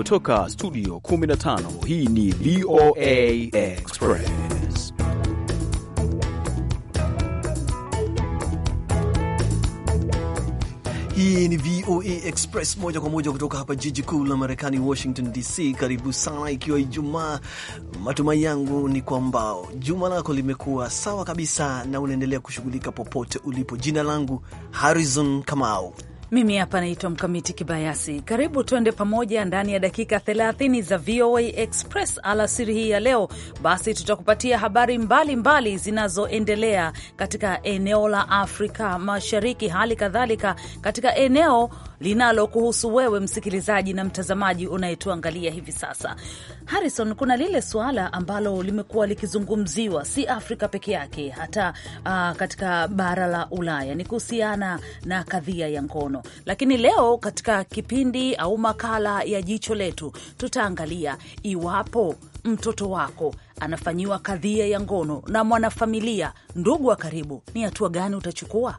kutoka studio 15 hii ni VOA Express. Hii ni VOA Express moja kwa moja kutoka hapa jiji kuu la Marekani, Washington DC. Karibu sana, ikiwa Ijumaa. Matumai yangu ni kwamba juma lako limekuwa sawa kabisa na unaendelea kushughulika popote ulipo. Jina langu Harrison Kamau. Mimi hapa naitwa Mkamiti Kibayasi. Karibu tuende pamoja ndani ya dakika 30 za VOA Express alasiri hii ya leo. Basi tutakupatia habari mbalimbali zinazoendelea katika eneo la Afrika Mashariki, hali kadhalika katika eneo linalo kuhusu wewe msikilizaji na mtazamaji unayetuangalia hivi sasa. Harrison, kuna lile suala ambalo limekuwa likizungumziwa si Afrika peke yake, hata uh, katika bara la Ulaya ni kuhusiana na kadhia ya ngono, lakini leo katika kipindi au makala ya jicho letu tutaangalia iwapo mtoto wako anafanyiwa kadhia ya ngono na mwanafamilia, ndugu wa karibu, ni hatua gani utachukua?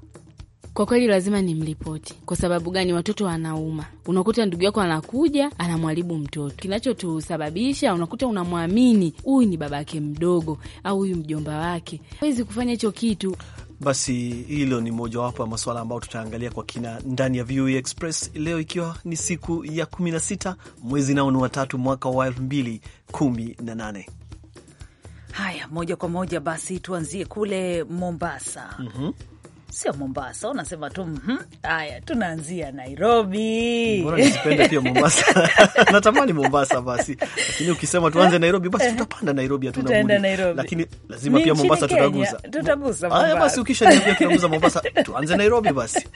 Kwa kweli lazima nimripoti. Kwa sababu gani? Watoto wanauma, unakuta ndugu yako anakuja anamwaribu mtoto. Kinachotusababisha unakuta unamwamini huyu ni babake mdogo au huyu mjomba wake, hawezi kufanya hicho kitu. Basi hilo ni mojawapo ya masuala ambayo tutaangalia kwa kina ndani ya VOA e Express leo, ikiwa ni siku ya 16 mwezi nao ni watatu mwaka wa 2018. Haya, moja kwa moja basi tuanzie kule Mombasa. mm -hmm sio Mombasa, unasema tu mhm, haya. Mm, tunaanzia Nairobi. Mbona nisipende pia Mombasa? natamani Mombasa basi, lakini ukisema tuanze eh, Nairobi basi eh. tutapanda Nairobi, hatuna budi, lakini lazima pia Mombasa tutagusa, haya basi. Mombasa, tuanze Nairobi basi.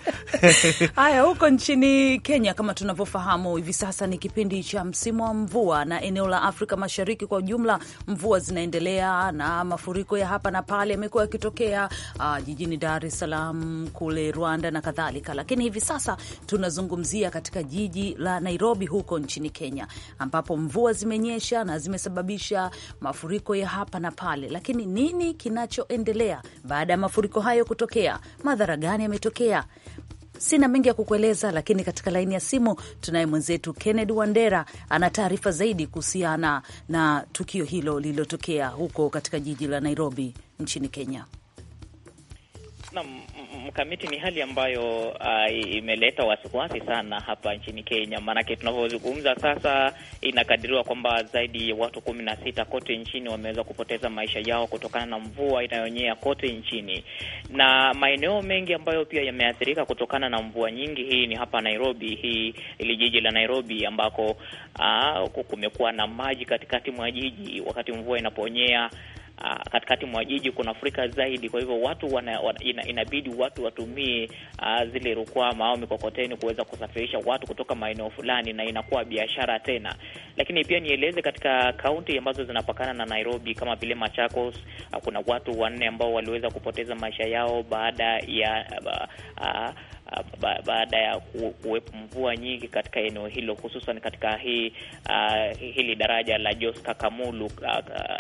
Haya, huko nchini Kenya kama tunavyofahamu hivi sasa ni kipindi cha msimu wa mvua, na eneo la Afrika Mashariki kwa ujumla mvua zinaendelea na mafuriko ya hapa na pale yamekuwa yakitokea ah, jijini Dar es Salaam Salaam, kule Rwanda na kadhalika, lakini hivi sasa tunazungumzia katika jiji la Nairobi huko nchini Kenya, ambapo mvua zimenyesha na zimesababisha mafuriko ya hapa na pale. Lakini nini kinachoendelea baada ya mafuriko hayo kutokea? Madhara gani yametokea? Sina mengi ya kukueleza, lakini katika laini ya simu tunaye mwenzetu Kennedy Wandera, ana taarifa zaidi kuhusiana na tukio hilo lililotokea huko katika jiji la Nairobi nchini Kenya. Naam, mkamiti ni hali ambayo uh, imeleta wasiwasi sana hapa nchini Kenya, maanake tunavyozungumza sasa, inakadiriwa kwamba zaidi ya watu kumi na sita kote nchini wameweza kupoteza maisha yao kutokana na mvua inayonyea kote nchini, na maeneo mengi ambayo pia yameathirika kutokana na mvua nyingi hii ni hapa Nairobi, hii ili jiji la Nairobi ambako uh, kumekuwa na maji katikati mwa jiji wakati mvua inaponyea Ah, katikati mwa jiji kuna furika zaidi. Kwa hivyo watu wana, wana, ina, inabidi watu watumie uh, zile rukwama au mikokoteni kuweza kusafirisha watu kutoka maeneo fulani, na inakuwa biashara tena. Lakini pia nieleze, katika kaunti ambazo zinapakana na Nairobi kama vile Machakos, uh, kuna watu wanne ambao waliweza kupoteza maisha yao baada ya uh, uh, baada ya kuwepo mvua nyingi katika eneo hilo, hususan katika hii uh, hili daraja la Jos Kakamulu uh,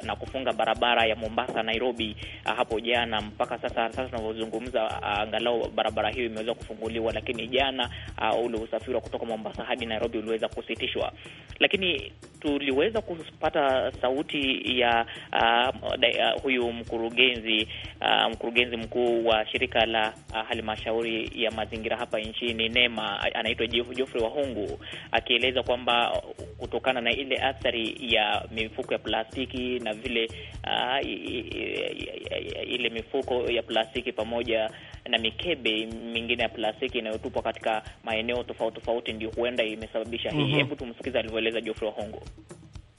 na kufunga barabara ya Mombasa Nairobi uh, hapo jana mpaka sasa sasa tunavyozungumza, angalau barabara hiyo imeweza kufunguliwa, lakini jana uh, ule usafiri wa kutoka Mombasa hadi Nairobi uliweza kusitishwa, lakini tuliweza kupata sauti ya uh, um, da, uh, huyu mkurugenzi uh, mkurugenzi mkuu wa shirika la uh, halmashauri ya mazingira hapa nchini NEMA, anaitwa Geoffrey Wahungu akieleza kwamba kutokana na ile athari ya mifuko ya plastiki na vile uh, ile mifuko ya plastiki pamoja na mikebe mingine ya plastiki inayotupwa katika maeneo tofauti tofauti ndio huenda imesababisha hii. Mhm. Hebu mm -hmm. tumsikiza alivyoeleza Geoffrey Hongo.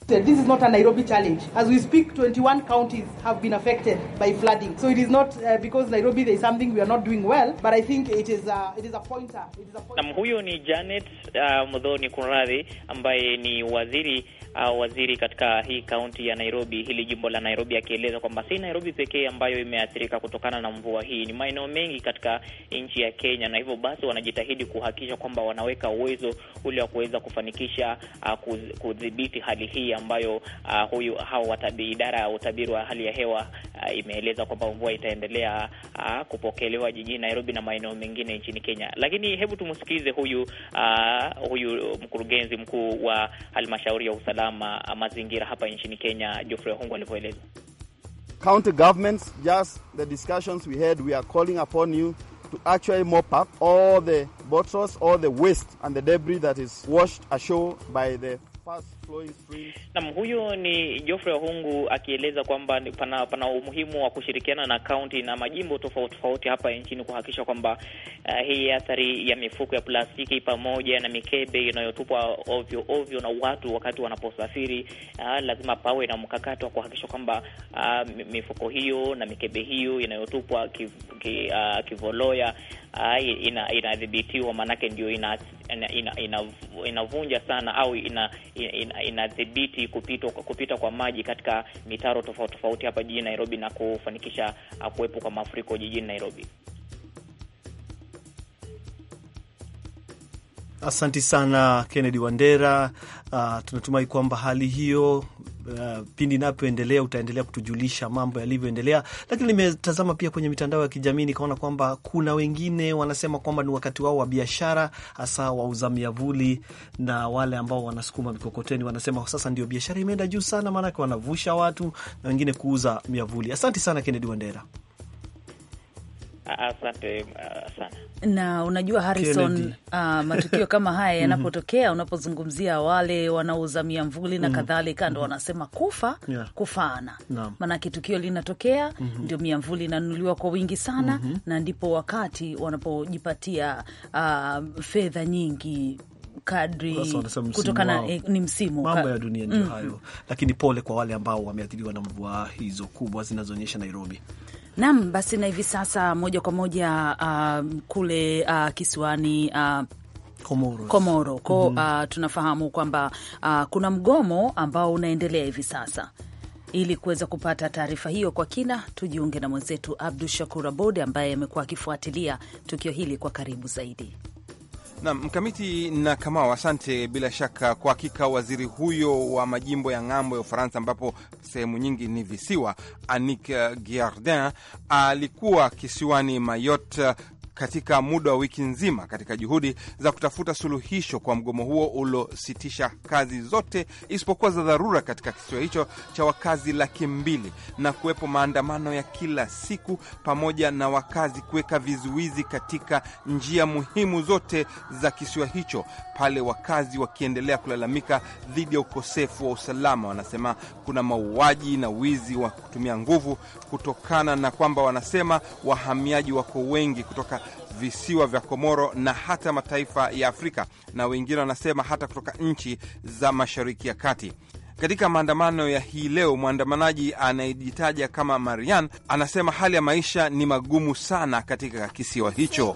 This is not a Nairobi challenge. As we speak, 21 counties have been affected by flooding. So it is not uh, because Nairobi there is something we are not doing well, but I think it is a, it is a pointer. It is a pointer. Na huyo ni Janet uh, Mudhoni Kunrathi ambaye ni waziri uh, waziri katika hii kaunti ya Nairobi, hili jimbo la Nairobi, akieleza kwamba si Nairobi pekee ambayo imeathirika kutokana na mvua hii, ni maeneo mengi katika nchi ya Kenya, na hivyo basi wanajitahidi kuhakikisha kwamba wanaweka uwezo ule wa kuweza kufanikisha uh, kudhibiti hali hii ambayo uh, huyu hao watabi, idara ya utabiri wa hali ya hewa uh, imeeleza kwamba mvua itaendelea uh, kupokelewa jijini Nairobi na maeneo mengine nchini Kenya. Lakini hebu tumsikize huyu uh, huyu mkurugenzi mkuu wa halmashauri ya usalama usalama mazingira hapa nchini Kenya, Geoffrey alivyoeleza. County governments, just the discussions we had, we are calling upon you to actually mop up all the bottles, all the waste and the debris that is washed ashore by the Nam, huyo ni Geoffrey Wahungu akieleza kwamba pana, pana umuhimu wa kushirikiana na kaunti na majimbo tofauti tofauti hapa nchini kuhakikisha kwamba uh, hii athari ya mifuko ya plastiki pamoja na mikebe inayotupwa ovyo ovyo na watu wakati wanaposafiri, uh, lazima pawe na mkakati wa kuhakikisha kwamba uh, mifuko hiyo na mikebe hiyo inayotupwa kiv, ki, uh, kivoloya uh, inadhibitiwa ina, maanake ndio inavunja ina, ina, ina, ina sana au ina, ina, ina inadhibiti kupita, kupita kwa maji katika mitaro tofauti tofauti hapa jijini Nairobi na kufanikisha uh, kuwepo kwa mafuriko jijini Nairobi. Asanti sana Kennedy Wandera. Uh, tunatumai kwamba hali hiyo uh, pindi inapoendelea utaendelea kutujulisha mambo yalivyoendelea. Lakini nimetazama pia kwenye mitandao ya kijamii nikaona kwamba kuna wengine wanasema kwamba ni wakati wao wa biashara, hasa wauza miavuli na wale ambao wanasukuma mikokoteni, wanasema sasa ndio biashara imeenda juu sana, maanake wanavusha watu na wengine kuuza miavuli. Asante sana Kennedy Wandera. Asante uh, sana. Na unajua Harrison, uh, matukio kama haya mhm. yanapotokea, unapozungumzia wale wanaozamia mvuli na mhm. kadhalika, ndo mhm. wanasema kufa yeah, kufaana no. Maanake tukio linatokea mm -hmm. Ndio miamvuli inanunuliwa kwa wingi sana mm -hmm. Na ndipo wakati wanapojipatia uh, fedha nyingi kadri kutokana eh, ni msimu mambo ya dunia ndio mm hayo, lakini pole kwa wale ambao wameathiriwa na mvua hizo kubwa zinazoonyesha Nairobi. Naam, basi na hivi sasa moja kwa moja uh, kule uh, kisiwani uh, Komoros. Komoro ko, mm -hmm. uh, tunafahamu kwamba uh, kuna mgomo ambao unaendelea hivi sasa. Ili kuweza kupata taarifa hiyo kwa kina, tujiunge na mwenzetu Abdu Shakur Abod ambaye amekuwa akifuatilia tukio hili kwa karibu zaidi. Na mkamiti na kamao asante. Bila shaka, kwa hakika waziri huyo wa majimbo ya ng'ambo ya Ufaransa, ambapo sehemu nyingi ni visiwa, Anik Giardin alikuwa kisiwani Mayotte katika muda wa wiki nzima katika juhudi za kutafuta suluhisho kwa mgomo huo uliositisha kazi zote isipokuwa za dharura katika kisiwa hicho cha wakazi laki mbili na kuwepo maandamano ya kila siku pamoja na wakazi kuweka vizuizi katika njia muhimu zote za kisiwa hicho, pale wakazi wakiendelea kulalamika dhidi ya ukosefu wa usalama. Wanasema kuna mauaji na wizi wa kutumia nguvu, kutokana na kwamba wanasema wahamiaji wako wengi kutoka visiwa vya Komoro na hata mataifa ya Afrika na wengine wanasema hata kutoka nchi za Mashariki ya Kati. Katika maandamano ya hii leo, mwandamanaji anayejitaja kama Marian anasema hali ya maisha ni magumu sana katika kisiwa hicho.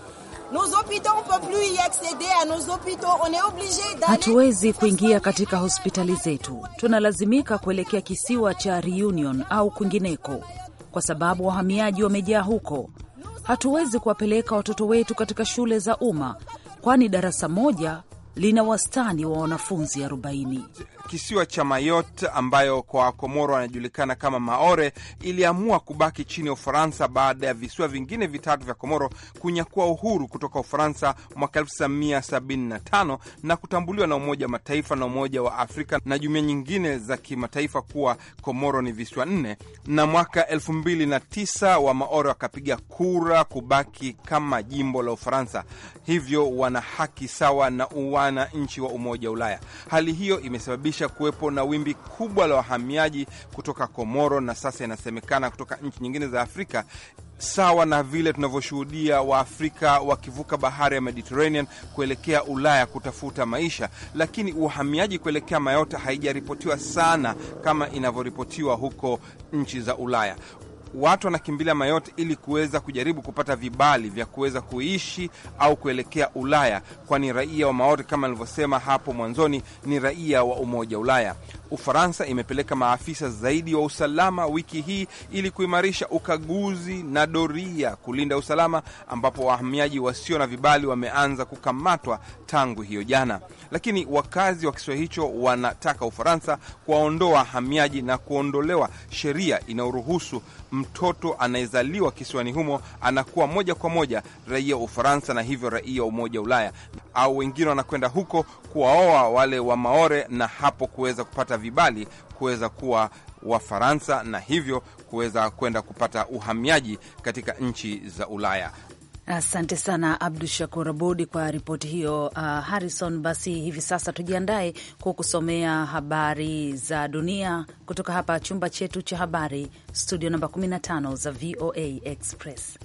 Hatuwezi kuingia katika hospitali zetu, tunalazimika kuelekea kisiwa cha Reunion au kwingineko, kwa sababu wahamiaji wamejaa huko hatuwezi kuwapeleka watoto wetu katika shule za umma, kwani darasa moja lina wastani wa wanafunzi kisiwa cha Mayotte ambayo kwa Komoro anajulikana kama Maore iliamua kubaki chini ya Ufaransa baada ya visiwa vingine vitatu vya Komoro kunyakua uhuru kutoka Ufaransa mwaka 1975 na kutambuliwa na Umoja wa Mataifa na Umoja wa Afrika na jumuiya nyingine za kimataifa kuwa Komoro ni visiwa nne. Na mwaka 2009 wa Maore wakapiga kura kubaki kama jimbo la Ufaransa, hivyo wana haki sawa na uwana nchi wa Umoja wa Ulaya. Hali hiyo imesababisha kusababisha kuwepo na wimbi kubwa la wahamiaji kutoka Komoro na sasa inasemekana kutoka nchi nyingine za Afrika, sawa na vile tunavyoshuhudia Waafrika wakivuka bahari ya Mediterranean kuelekea Ulaya kutafuta maisha, lakini uhamiaji kuelekea Mayota haijaripotiwa sana kama inavyoripotiwa huko nchi za Ulaya watu wanakimbilia mayote ili kuweza kujaribu kupata vibali vya kuweza kuishi au kuelekea Ulaya, kwani raia wa Maori kama alivyosema hapo mwanzoni ni raia wa Umoja Ulaya. Ufaransa imepeleka maafisa zaidi wa usalama wiki hii ili kuimarisha ukaguzi na doria kulinda usalama, ambapo wahamiaji wasio na vibali wameanza kukamatwa tangu hiyo jana. Lakini wakazi wa kisiwa hicho wanataka Ufaransa kuwaondoa wahamiaji na kuondolewa sheria inayoruhusu mtoto anayezaliwa kisiwani humo anakuwa moja kwa moja raia wa Ufaransa na hivyo raia wa Umoja wa Ulaya, au wengine wanakwenda huko kuwaoa wale wa Maore na hapo kuweza kupata vibali kuweza kuwa Wafaransa na hivyo kuweza kwenda kupata uhamiaji katika nchi za Ulaya. Asante sana Abdu Shakur Abudi kwa ripoti hiyo. Uh, Harrison, basi hivi sasa tujiandae kwa kusomea habari za dunia kutoka hapa chumba chetu cha habari, studio namba 15 za VOA Express.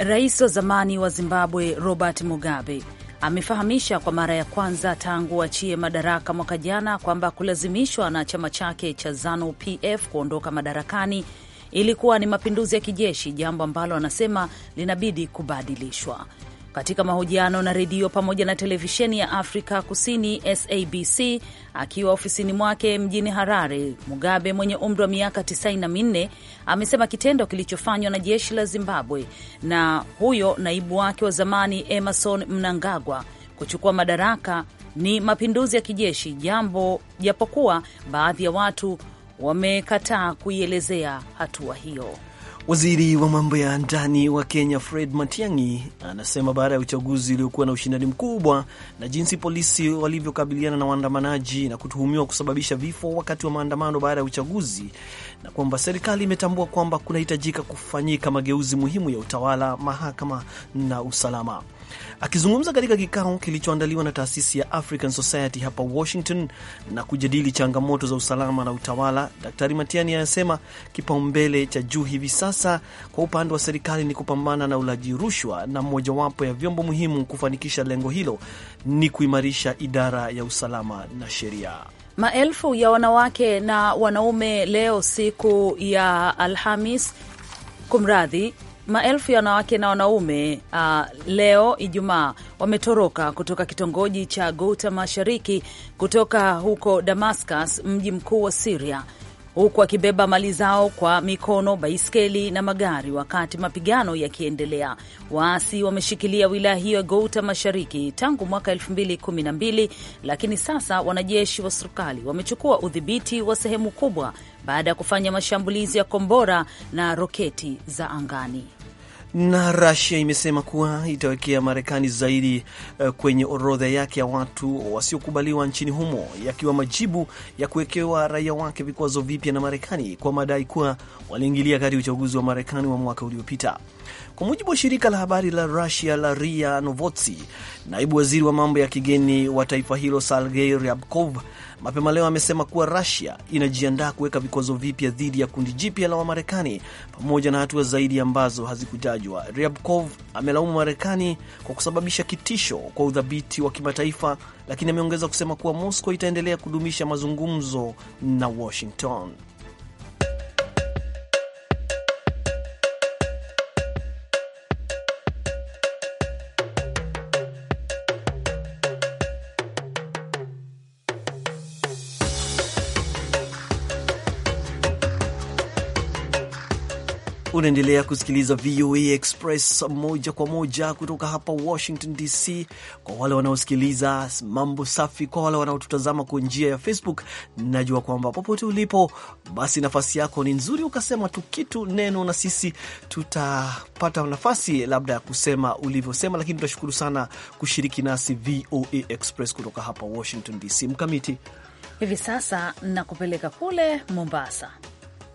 Rais wa zamani wa Zimbabwe Robert Mugabe amefahamisha kwa mara ya kwanza tangu achie madaraka mwaka jana kwamba kulazimishwa na chama chake cha ZANU PF kuondoka madarakani ilikuwa ni mapinduzi ya kijeshi, jambo ambalo anasema linabidi kubadilishwa katika mahojiano na redio pamoja na televisheni ya Afrika Kusini SABC akiwa ofisini mwake mjini Harare, Mugabe mwenye umri wa miaka 94 amesema kitendo kilichofanywa na jeshi la Zimbabwe na huyo naibu wake wa zamani Emerson Mnangagwa kuchukua madaraka ni mapinduzi ya kijeshi, jambo japokuwa baadhi ya watu wamekataa kuielezea hatua hiyo. Waziri wa mambo ya ndani wa Kenya Fred Matiang'i anasema baada ya uchaguzi uliokuwa na ushindani mkubwa na jinsi polisi walivyokabiliana na waandamanaji na kutuhumiwa kusababisha vifo wakati wa maandamano baada ya uchaguzi, na kwamba serikali imetambua kwamba kunahitajika kufanyika mageuzi muhimu ya utawala, mahakama na usalama. Akizungumza katika kikao kilichoandaliwa na taasisi ya African Society hapa Washington na kujadili changamoto za usalama na utawala, Daktari Matiani anasema kipaumbele cha juu hivi sasa kwa upande wa serikali ni kupambana na ulaji rushwa, na mojawapo ya vyombo muhimu kufanikisha lengo hilo ni kuimarisha idara ya usalama na sheria. Maelfu ya wanawake na wanaume leo siku ya Alhamis, kumradhi Maelfu ya wanawake na wanaume uh, leo Ijumaa wametoroka kutoka kitongoji cha Ghouta Mashariki kutoka huko Damascus, mji mkuu wa Siria, huku wakibeba mali zao kwa mikono, baiskeli na magari, wakati mapigano yakiendelea. Waasi wameshikilia wilaya hiyo ya Gouta Mashariki tangu mwaka 2012 lakini sasa wanajeshi wa serikali wamechukua udhibiti wa sehemu kubwa baada ya kufanya mashambulizi ya kombora na roketi za angani. Na Russia imesema kuwa itawekea Marekani zaidi eh, kwenye orodha yake ya watu wasiokubaliwa nchini humo, yakiwa majibu ya kuwekewa raia wake vikwazo vipya na Marekani kwa madai kuwa waliingilia kati uchaguzi wa Marekani wa mwaka uliopita. Kwa mujibu wa shirika la habari la Rusia la RIA Novosti, naibu waziri wa mambo ya kigeni wa taifa hilo Sergei Ryabkov mapema leo amesema kuwa rasia inajiandaa kuweka vikwazo vipya dhidi ya kundi jipya la Wamarekani pamoja na hatua zaidi ambazo hazikutajwa. Ryabkov amelaumu Marekani kwa kusababisha kitisho kwa udhabiti wa kimataifa, lakini ameongeza kusema kuwa Moscow itaendelea kudumisha mazungumzo na Washington. Unaendelea kusikiliza VOA Express moja kwa moja kutoka hapa Washington DC. Kwa wale wanaosikiliza mambo safi, kwa wale wanaotutazama kwa njia ya Facebook, najua kwamba popote ulipo, basi nafasi yako ni nzuri, ukasema tu kitu neno, na sisi tutapata nafasi labda ya kusema ulivyosema, lakini tutashukuru sana kushiriki nasi VOA Express kutoka hapa Washington DC. Mkamiti, hivi sasa nakupeleka kule Mombasa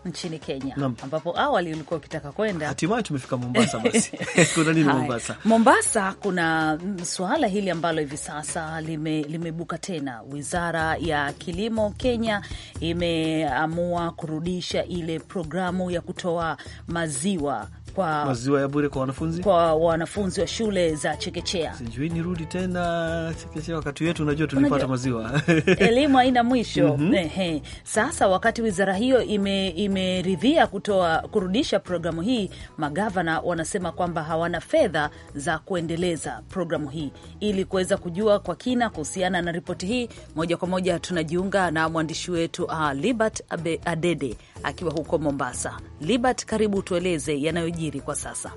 nchini Kenya Nam. ambapo awali ulikuwa ukitaka kwenda, hatimaye tumefika Mombasa. Basi kuna nini Mombasa? Mombasa kuna suala hili ambalo hivi sasa limebuka lime tena. Wizara ya Kilimo Kenya imeamua kurudisha ile programu ya kutoa maziwa kwa maziwa ya bure kwa wanafunzi, kwa wanafunzi wa shule za chekechea. Sijui nirudi tena chekechea, wakati wetu unajua tulipata unajua, maziwa elimu haina mwisho mm -hmm. Sasa wakati wizara hiyo imeridhia ime kutoa kurudisha programu hii, magavana wanasema kwamba hawana fedha za kuendeleza programu hii. Ili kuweza kujua kwa kina kuhusiana na ripoti hii, moja kwa moja tunajiunga na mwandishi wetu uh, Libert Adede akiwa huko Mombasa. Libert, karibu tueleze yanayojiri kwa sasa.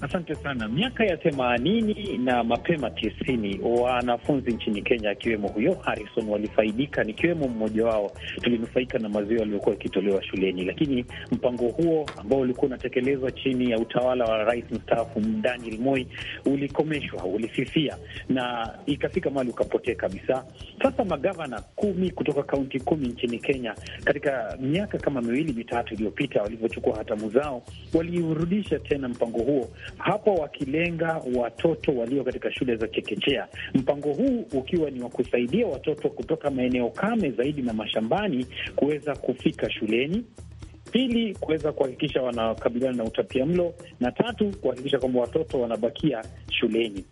Asante sana. Miaka ya themanini na mapema tisini, wanafunzi nchini Kenya akiwemo huyo Harrison walifaidika, nikiwemo mmoja wao. Tulinufaika na maziwa yaliyokuwa yakitolewa shuleni, lakini mpango huo ambao ulikuwa unatekelezwa chini ya utawala wa rais mstaafu Daniel Moi ulikomeshwa, ulififia na ikafika mahali ukapotea kabisa. Sasa magavana kumi kutoka kaunti kumi nchini Kenya katika miaka kama miwili mitatu iliyopita, walivyochukua hatamu zao, waliurudisha tena mpango huo hapo wakilenga watoto walio katika shule za chekechea, mpango huu ukiwa ni wa kusaidia watoto kutoka maeneo kame zaidi na mashambani kuweza kufika shuleni. Pili, kuweza kuhakikisha wanakabiliana na utapia mlo, na tatu, kuhakikisha kwamba watoto wanabakia shuleni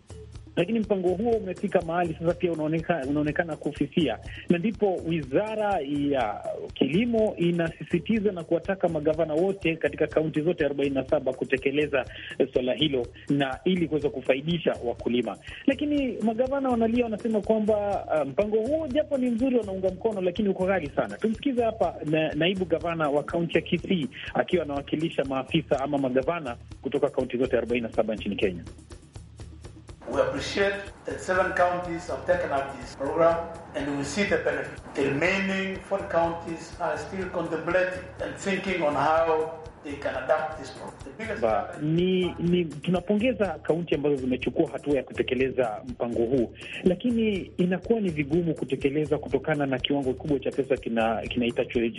lakini mpango huo umefika mahali sasa pia unaonekana, unaonekana kufifia, na ndipo wizara ya kilimo inasisitiza na kuwataka magavana wote katika kaunti zote arobaini na saba kutekeleza eh, swala hilo na ili kuweza kufaidisha wakulima. Lakini magavana wanalia, wanasema kwamba eh, mpango um, huo japo ni mzuri, wanaunga mkono, lakini uko ghali sana. Tumsikize hapa na, naibu gavana wa kaunti ya Kisii akiwa anawakilisha maafisa ama magavana kutoka kaunti zote arobaini na saba nchini Kenya. We appreciate that seven counties have taken up this program and we see the benefit. The remaining four counties are still contemplating and thinking on how Ba, ni, ni tunapongeza kaunti ambazo zimechukua hatua ya kutekeleza mpango huu, lakini inakuwa ni vigumu kutekeleza kutokana na kiwango kikubwa cha pesa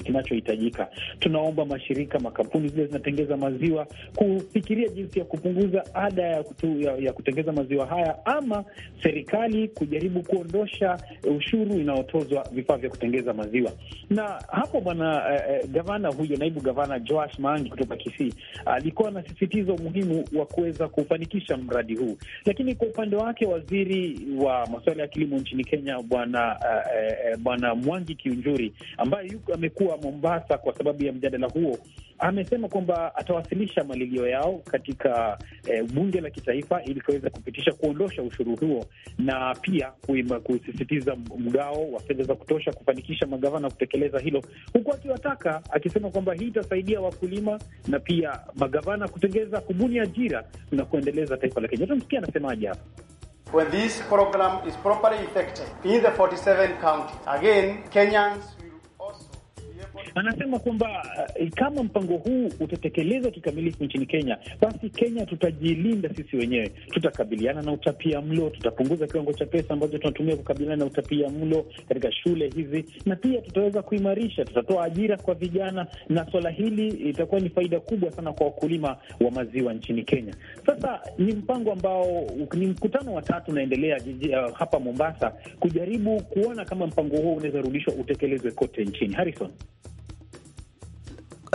kinachohitajika. Kina tunaomba mashirika, makampuni zile zinatengeza maziwa kufikiria jinsi ya kupunguza ada ya, kutu, ya, ya kutengeza maziwa haya, ama serikali kujaribu kuondosha ushuru inayotozwa vifaa vya kutengeza maziwa. Na hapo bwana eh, eh gavana huyo, naibu gavana Joash Mangi kutoka Kisii alikuwa na sisitizo umuhimu wa kuweza kufanikisha mradi huu. Lakini kwa upande wake, waziri wa masuala ya kilimo nchini Kenya bwana uh, uh, bwana Mwangi Kiunjuri ambaye amekuwa Mombasa kwa sababu ya mjadala huo amesema kwamba atawasilisha malilio yao katika e, bunge la kitaifa ili kuweza kupitisha kuondosha ushuru huo na pia kuima, kusisitiza mgao wa fedha za kutosha kufanikisha magavana kutekeleza hilo, huku akiwataka akisema kwamba hii itasaidia wakulima na pia magavana kutengeza kubuni ajira na kuendeleza taifa la Kenya. Tumsikia anasemaje hapa. When this program is properly in the 47 counties, again, Kenyans anasema kwamba uh, kama mpango huu utatekelezwa kikamilifu nchini Kenya, basi Kenya tutajilinda sisi wenyewe, tutakabiliana na utapia mlo, tutapunguza kiwango cha pesa ambacho tunatumia kukabiliana na utapia mlo katika shule hizi, na pia tutaweza kuimarisha, tutatoa ajira kwa vijana, na swala hili itakuwa ni faida kubwa sana kwa wakulima wa maziwa nchini Kenya. Sasa ni mpango ambao ni mkutano wa tatu unaendelea uh, hapa Mombasa kujaribu kuona kama mpango huo unaweza rudishwa utekelezwe kote nchini. Harrison.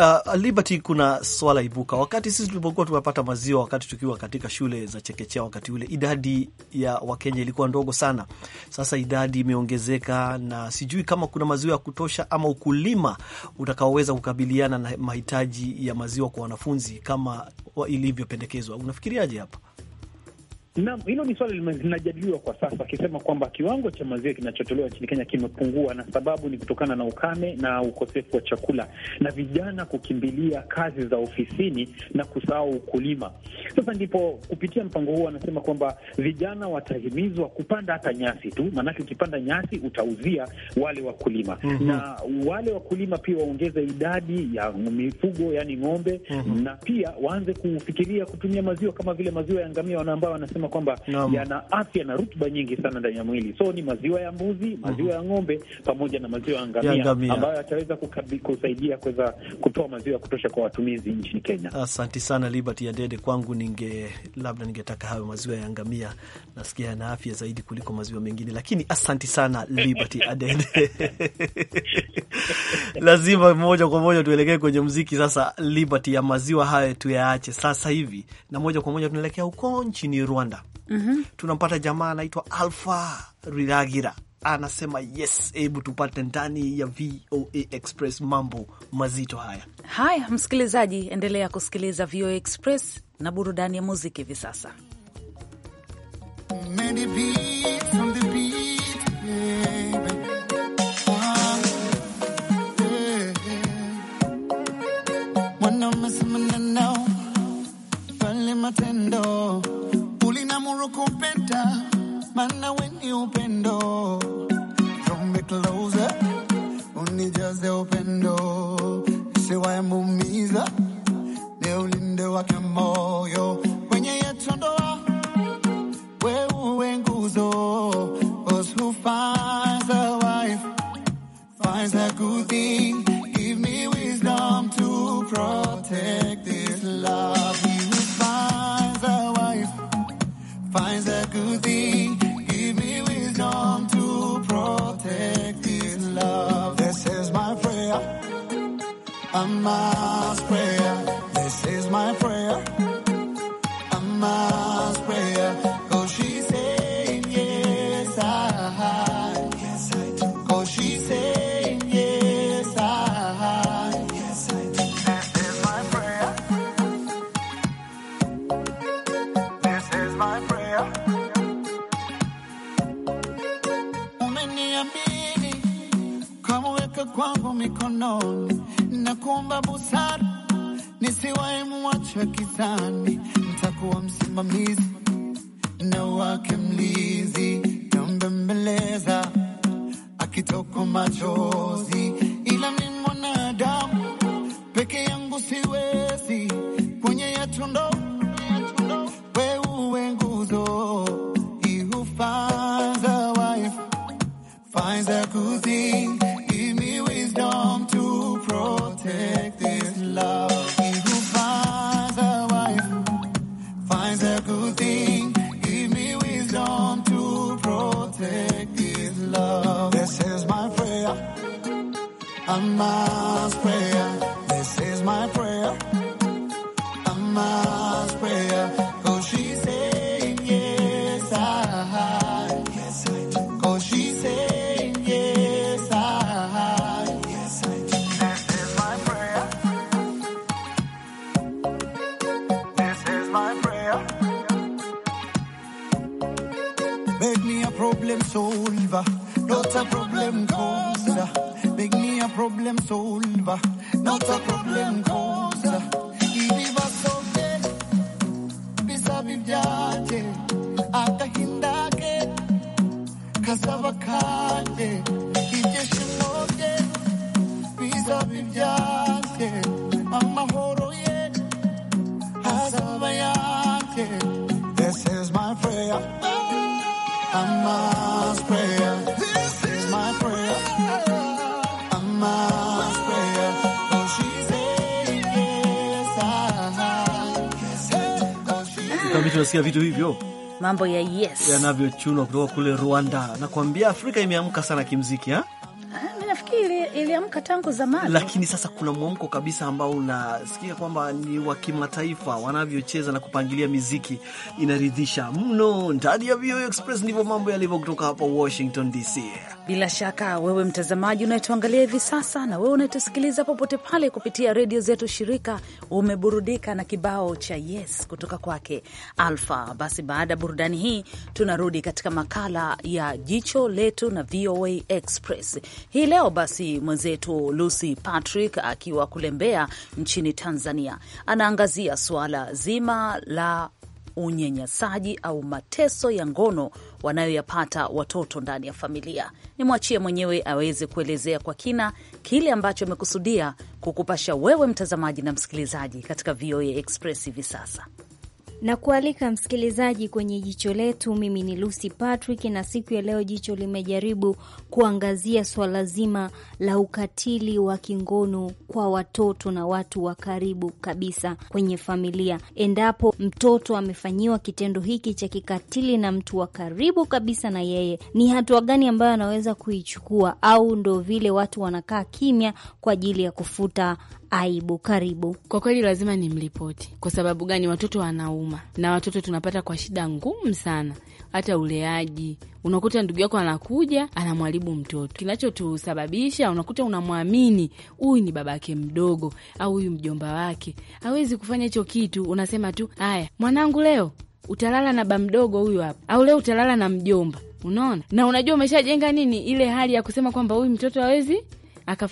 Uh, Liberty, kuna swala ibuka wakati sisi tulipokuwa tumepata maziwa wakati tukiwa katika shule za chekechea. Wakati ule idadi ya Wakenya ilikuwa ndogo sana, sasa idadi imeongezeka, na sijui kama kuna maziwa ya kutosha ama ukulima utakaoweza kukabiliana na mahitaji ya maziwa kwa wanafunzi kama ilivyopendekezwa. Unafikiriaje hapa? Naam, hilo ni swali linajadiliwa kwa sasa, akisema kwamba kiwango cha maziwa kinachotolewa nchini Kenya kimepungua, na sababu ni kutokana na ukame na ukosefu wa chakula na vijana kukimbilia kazi za ofisini na kusahau ukulima. Sasa ndipo kupitia mpango huo anasema kwamba vijana watahimizwa kupanda hata nyasi tu, maanake ukipanda nyasi utauzia wale wakulima mm -hmm. na wale wakulima pia waongeze idadi ya mifugo, yani ng'ombe mm -hmm. na pia waanze kufikiria kutumia maziwa kama vile maziwa ya ngamia ambayo wanasema tunasema kwamba yana afya na rutuba nyingi sana ndani ya mwili. So ni maziwa ya mbuzi, maziwa mm -hmm. ya mhm. ng'ombe pamoja na maziwa ya ngamia ngamia ambayo yataweza kusaidia kuweza kutoa maziwa ya kutosha kwa watumizi nchini Kenya. Asante sana Liberty Adede. Kwangu ninge labda ningetaka hayo maziwa ya ngamia, nasikia yana afya zaidi kuliko maziwa mengine, lakini asanti sana Liberty Adede. Lazima moja kwa moja tuelekee kwenye mziki sasa. Liberty, ya maziwa hayo tuyaache sasa hivi na moja kwa moja tunaelekea huko nchini Rwanda Rwanda mm -hmm. tunampata jamaa anaitwa Alfa Riragira anasema yes, hebu tupate ndani ya VOA Express mambo mazito haya. Haya, msikilizaji, endelea kusikiliza VOA Express na burudani ya muziki hivi sasa. kesho gizani, nitakuwa msimamizi Oh, oh, Tunasikia vitu hivyo mambo ya yes yanavyochunwa kutoka kule Rwanda. Nakwambia Afrika imeamka sana kimziki ha? iliamka tangu zamani, lakini sasa kuna mwamko kabisa ambao unasikia kwamba ni wa kimataifa. Wanavyocheza na kupangilia miziki inaridhisha mno. Ndani ya VOA Express ndivyo mambo yalivyo, kutoka hapa Washington DC. Bila shaka wewe mtazamaji unayetuangalia hivi sasa na wewe unayetusikiliza popote pale kupitia redio zetu shirika, umeburudika na kibao cha Yes kutoka kwake Alfa. Basi baada ya burudani hii, tunarudi katika makala ya jicho letu na VOA Express hii leo. Basi mwenzetu Lucy Patrick akiwa kulembea nchini Tanzania anaangazia suala zima la unyanyasaji au mateso ya ngono wanayoyapata watoto ndani ya familia. Nimwachie mwenyewe aweze kuelezea kwa kina kile ambacho amekusudia kukupasha wewe mtazamaji na msikilizaji katika VOA Express hivi sasa na kualika msikilizaji kwenye jicho letu. Mimi ni Lucy Patrick, na siku ya leo jicho limejaribu kuangazia swala zima la ukatili wa kingono kwa watoto na watu wa karibu kabisa kwenye familia. Endapo mtoto amefanyiwa kitendo hiki cha kikatili na mtu wa karibu kabisa na yeye, ni hatua gani ambayo anaweza kuichukua, au ndo vile watu wanakaa kimya kwa ajili ya kufuta aibu. Karibu. Kwa kweli lazima nimripoti Kwa sababu gani? Watoto wanauma na watoto tunapata kwa shida ngumu sana, hata uleaji. Unakuta ndugu yako anakuja anamwalibu mtoto, kinachotusababisha unakuta unamwamini huyu ni babake mdogo au huyu mjomba wake, hawezi kufanya hicho kitu. Unasema tu haya, mwanangu, leo utalala na ba mdogo huyu hapa, au leo utalala na mjomba. Unaona, na unajua umeshajenga nini ile hali ya kusema kwamba huyu mtoto hawezi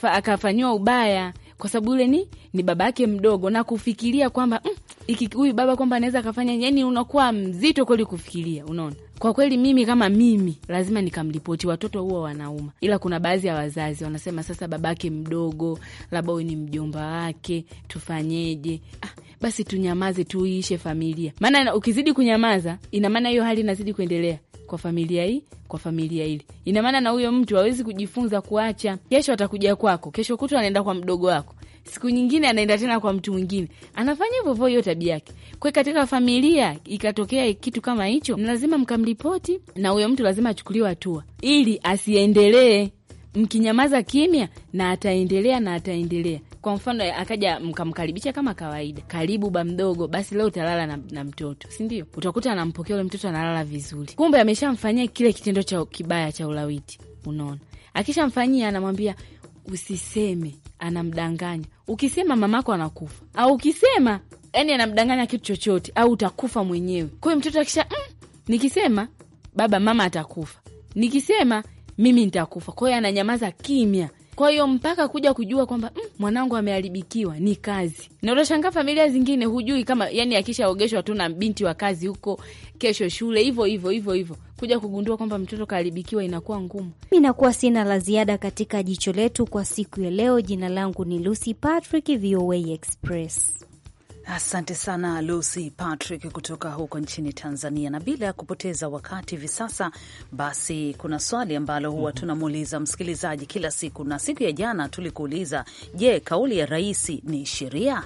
akafanyiwa ubaya kwa sababu yule ni ni baba yake mdogo, na kufikiria kwamba mm, huyu baba kwamba anaweza akafanya, yani unakuwa mzito kweli kufikiria, unaona. Kwa kweli mimi kama mimi lazima nikamripoti. Watoto huwa wanauma, ila kuna baadhi ya wazazi wanasema sasa, babake mdogo, labda huyu ni mjomba wake, tufanyeje? Ah, basi tunyamaze, tuishe familia, maana ukizidi kunyamaza, ina maana hiyo hali inazidi kuendelea kwa familia hii, kwa familia hili. Ina maana na huyo mtu hawezi kujifunza kuacha. Kesho atakuja kwako, kesho kutu anaenda kwa mdogo wako, siku nyingine anaenda tena kwa mtu mwingine, anafanya hivyo hivyo, hiyo tabia yake. Kwa katika familia ikatokea kitu kama hicho, lazima mkamripoti, na huyo mtu lazima achukuliwe hatua ili asiendelee mkinyamaza kimya na ataendelea na ataendelea. Kwa mfano, akaja mkamkaribisha kama kawaida, karibu ba mdogo, basi leo utalala na, na mtoto, si ndio? Utakuta anampokea ule mtoto, analala vizuri, kumbe ameshamfanyia kile kitendo cha kibaya cha ulawiti. Unaona, akishamfanyia anamwambia usiseme, anamdanganya. Ukisema mamako anakufa, au ukisema yani anamdanganya kitu chochote, au utakufa mwenyewe. Kwa hiyo mtoto akisha mm, nikisema baba mama atakufa, nikisema mimi nitakufa. Kwa hiyo ananyamaza kimya. Kwa hiyo mpaka kuja kujua kwamba mm, mwanangu ameharibikiwa ni kazi. Na utashangaa familia zingine hujui kama yani, akishaogeshwa tu na binti wa kazi huko, kesho shule, hivo hivo hivo hivo kuja kugundua kwamba mtoto kaharibikiwa inakuwa ngumu. Mi nakuwa sina la ziada katika jicho letu kwa siku ya leo. Jina langu ni Lucy Patrick, VOA Express. Asante sana Lucy Patrick kutoka huko nchini Tanzania. Na bila ya kupoteza wakati hivi sasa, basi kuna swali ambalo huwa mhm. tunamuuliza msikilizaji kila siku, na siku ya jana tulikuuliza, je, kauli ya rais ni sheria?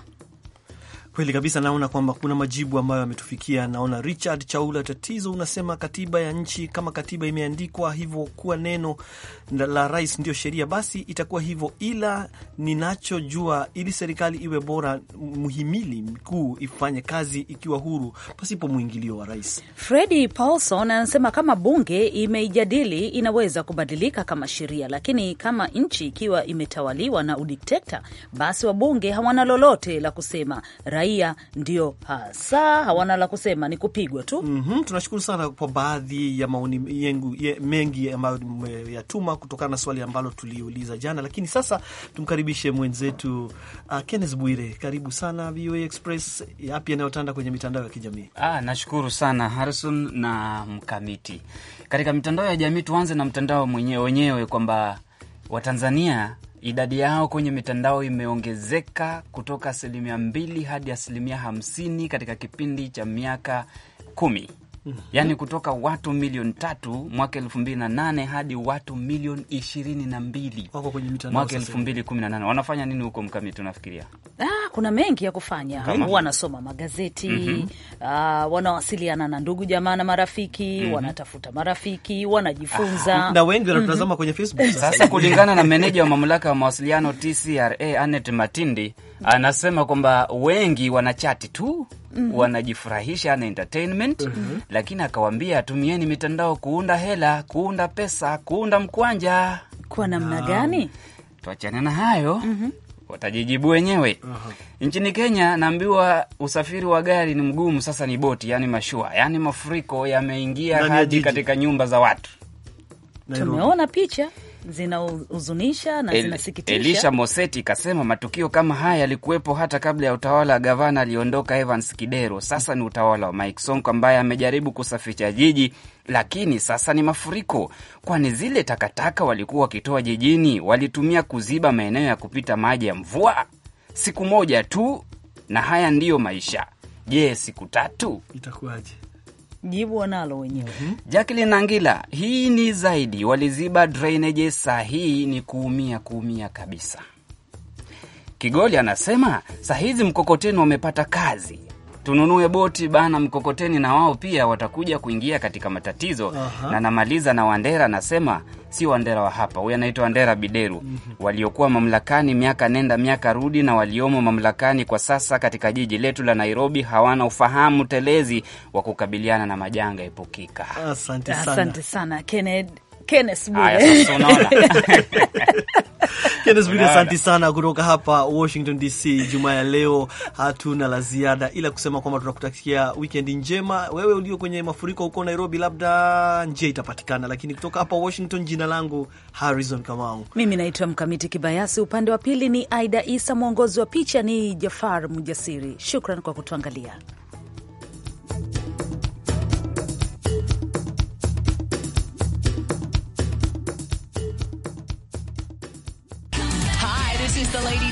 Kweli kabisa, naona kwamba kuna majibu ambayo yametufikia. Naona Richard Chaula, tatizo unasema katiba ya nchi, kama katiba imeandikwa hivyo kuwa neno la rais ndio sheria, basi itakuwa hivyo, ila ninachojua, ili serikali iwe bora, mhimili mkuu ifanye kazi ikiwa huru, pasipo mwingilio wa rais. Fredi Paulson anasema kama bunge imeijadili inaweza kubadilika kama sheria, lakini kama nchi ikiwa imetawaliwa na udiktekta, basi wabunge hawana lolote la kusema raia ndio hasa hawana la kusema, ni kupigwa tu. mm -hmm. Tunashukuru sana kwa baadhi ya maoni yengu, ye, mengi ambayo mmeyatuma kutokana na swali ambalo tuliuliza jana, lakini sasa tumkaribishe mwenzetu uh, Kenneth Bwire, karibu sana VOA Express, yapi yanayotanda kwenye mitandao ya kijamii. Ah, nashukuru sana Harrison na mkamiti katika mitandao ya jamii. Tuanze na mtandao mwenyewe wenyewe kwamba Watanzania Idadi yao kwenye mitandao imeongezeka kutoka asilimia mbili hadi asilimia hamsini katika kipindi cha miaka kumi. yani mhm. Yaani kutoka watu milioni tatu mwaka elfu mbili na nane hadi watu milioni ishirini na mbili mwaka elfu mbili kumi na nane Wanafanya nini huko mkamiti unafikiria? Ah, kuna mengi ya kufanya. Wanasoma magazeti mm -hmm. uh, wanawasiliana na ndugu jamaa na marafiki mm -hmm. wanatafuta marafiki, wanajifunza ah, na wengi wanatazama mm -hmm. kwenye Facebook sasa kulingana na meneja wa mamlaka ya mawasiliano TCRA Anet Matindi anasema kwamba wengi wanachati tu Mm -hmm. Wanajifurahisha na entertainment mm -hmm. Lakini akawambia tumieni mitandao kuunda hela, kuunda pesa, kuunda mkwanja. Kwa namna gani? Tuachane na hayo mm -hmm watajijibu wenyewe. Nchini Kenya naambiwa usafiri wa gari ni mgumu, sasa ni boti, yani mashua, yani mafuriko yameingia hadi katika nyumba za watu. Tumeona picha zinahuzunisha na El, zinasikitisha. Elisha Moseti kasema matukio kama haya yalikuwepo hata kabla ya utawala wa gavana aliondoka Evans Kidero. Sasa ni utawala wa Mike Sonko ambaye amejaribu kusafisha jiji, lakini sasa ni mafuriko, kwani zile takataka walikuwa wakitoa jijini walitumia kuziba maeneo ya kupita maji ya mvua. Siku moja tu, na haya ndiyo maisha. Je, siku tatu itakuwaje? jibu wanalo wenyewe. Mhm. Jacqueline Angila, hii ni zaidi waliziba drainage, saa hii ni kuumia kuumia kabisa. Kigoli anasema saa hizi mkokoteni wamepata kazi, tununue boti bana mkokoteni, na wao pia watakuja kuingia katika matatizo. Aha. Na namaliza na Wandera, nasema si Wandera wa hapa, huyu anaitwa Wandera Bideru. mm -hmm. Waliokuwa mamlakani miaka nenda miaka rudi na waliomo mamlakani kwa sasa katika jiji letu la Nairobi hawana ufahamu telezi wa kukabiliana na majanga epukika. Asante sana, asante sana Kenneth Kenneth Bwire. Kenneth sana kutoka hapa Washington DC. Jumaa ya leo hatuna la ziada ila kusema kwamba tunakutakia wikendi njema. Wewe ulio kwenye mafuriko huko Nairobi, labda njia itapatikana, lakini kutoka hapa Washington, jina langu Harrison Kamau, mimi naitwa Mkamiti Kibayasi, upande wa pili ni Aida Isa, mwongozi wa picha ni Jafar mujasiri Shukran kwa kutuangalia. the lady